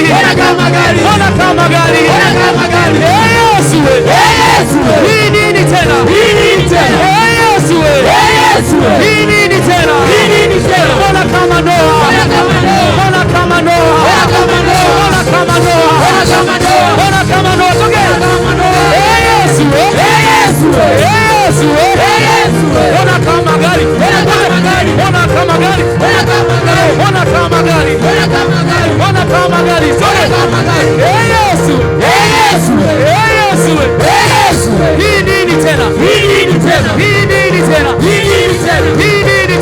magari, ona kama magari. Yesu nini tena? Yesu nini tena? Ona kama ona kama ona kama Yesu ona kama magari, ona kama magari, ona kama magari kama gari Yesu, Yesu, hii nini tena? Hii nini tena? Hii nini tena? Hii nini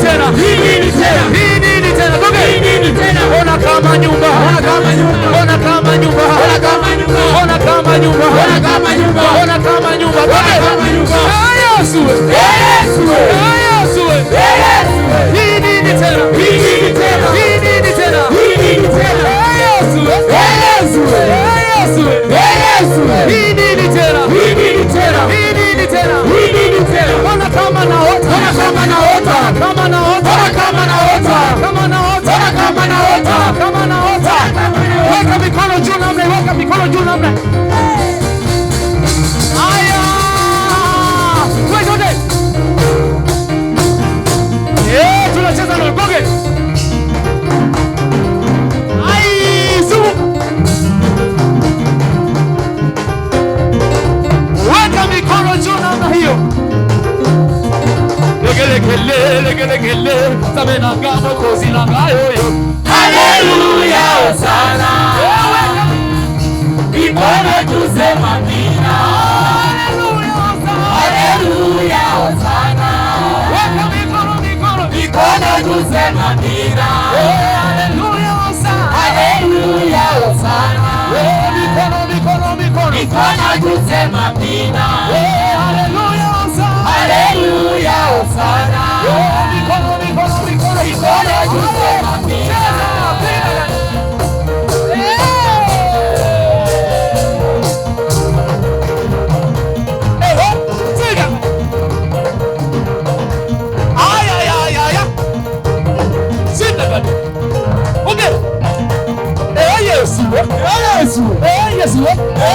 tena? Hii nini tena? Ona kama nyumba, ona kama nyumba, ona kama nyumba, ona kama nyumba, ona kama nyumba, ona kama nyumba, ona kama nyumba, ona kama nyumba, Yesu, Yesu Haleluya sana, wewe, mbona mina usema dira. Haleluya, usana. Mikono, mikono, mikono. Mikono juu sema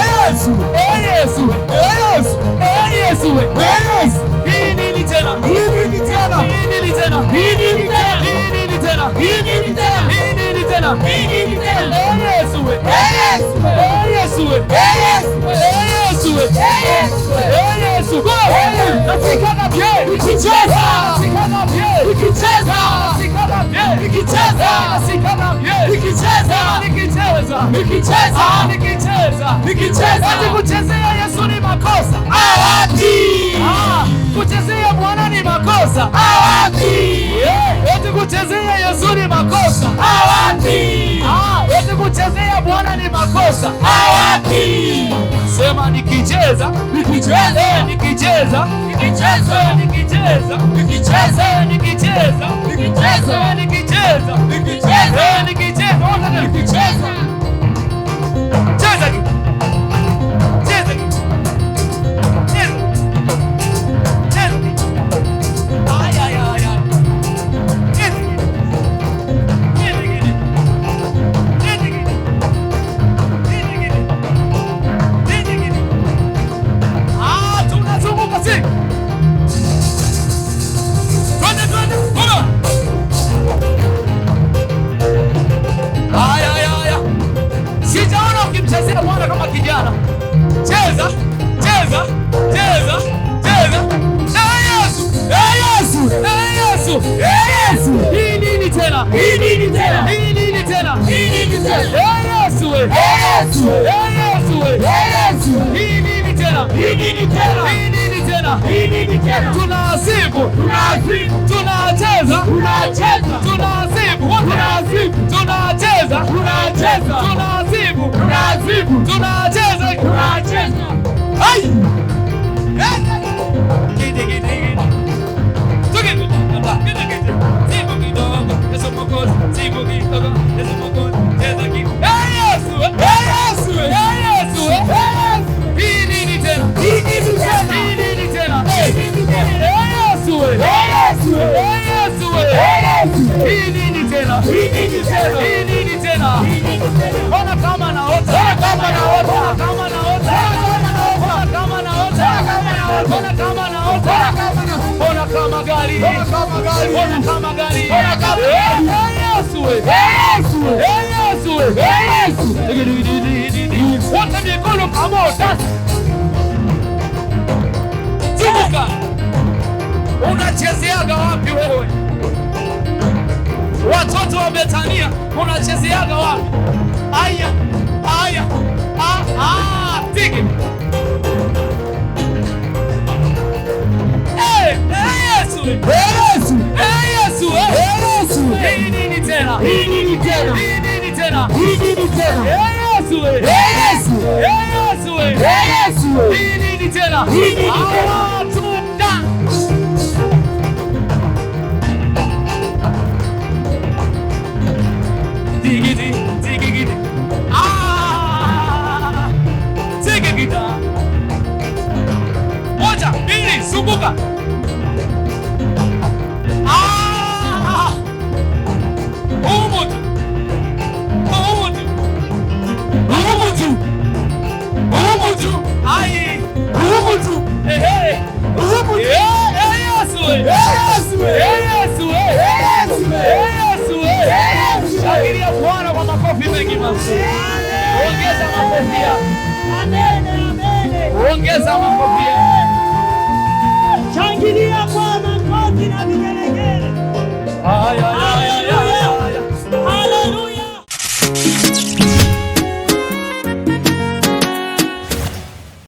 Yesu, eh Yesu, eh Yesu, eh Yesu, eh Yesu. Hii nini tena? Hii nini tena? Hii nini tena? Hii nini tena? Hii nini tena? Hii nini tena? Hii nini tena? Hii nini tena? Eh Yesu, eh Yesu, eh Yesu, eh Yesu, eh Yesu, eh Yesu, eh Yesu. Go! Nafikana pia, nikicheza, nafikana pia, nikicheza, nafikana pia, nikicheza, nafikana pia, nikicheza, nikicheza nikicheza nikicheza nikicheza nikicheza. Ati kuchezea Yesu ni makosa awati, ah, kuchezea Bwana ni makosa awati, eh, eti kuchezea Yesu ni makosa awati, ah, eti kuchezea Bwana ni makosa awati. Sema nikicheza nikicheza eh, nikicheza nikicheza eh, nikicheza nikicheza nikicheza nikicheza nikicheza Yesu. Yesu. Hii nini tena? Hii nini tena? Hii nini tena? Hii nini tena? Yesu. Yesu. Yesu. Hii nini tena? Hii nini tena? Hii nini tena? Hii nini tena? Tunaasibu. Tunaasibu. Tunacheza. Tunacheza. Tunaasibu. Tunaasibu. Tunacheza. Tunacheza. Tunaasibu. Tunaasibu. Tunacheza. Tunacheza. Hii nini tena? Unachezeaga wapi wewe? Watoto wa Betania unachezeaga wapi? Aya, aya, ah, tiki eh, eh, eh, nini tena? Shangilia Bwana kwa makofi mengi mazuri. Ongeza makofia. Ongeza makofia.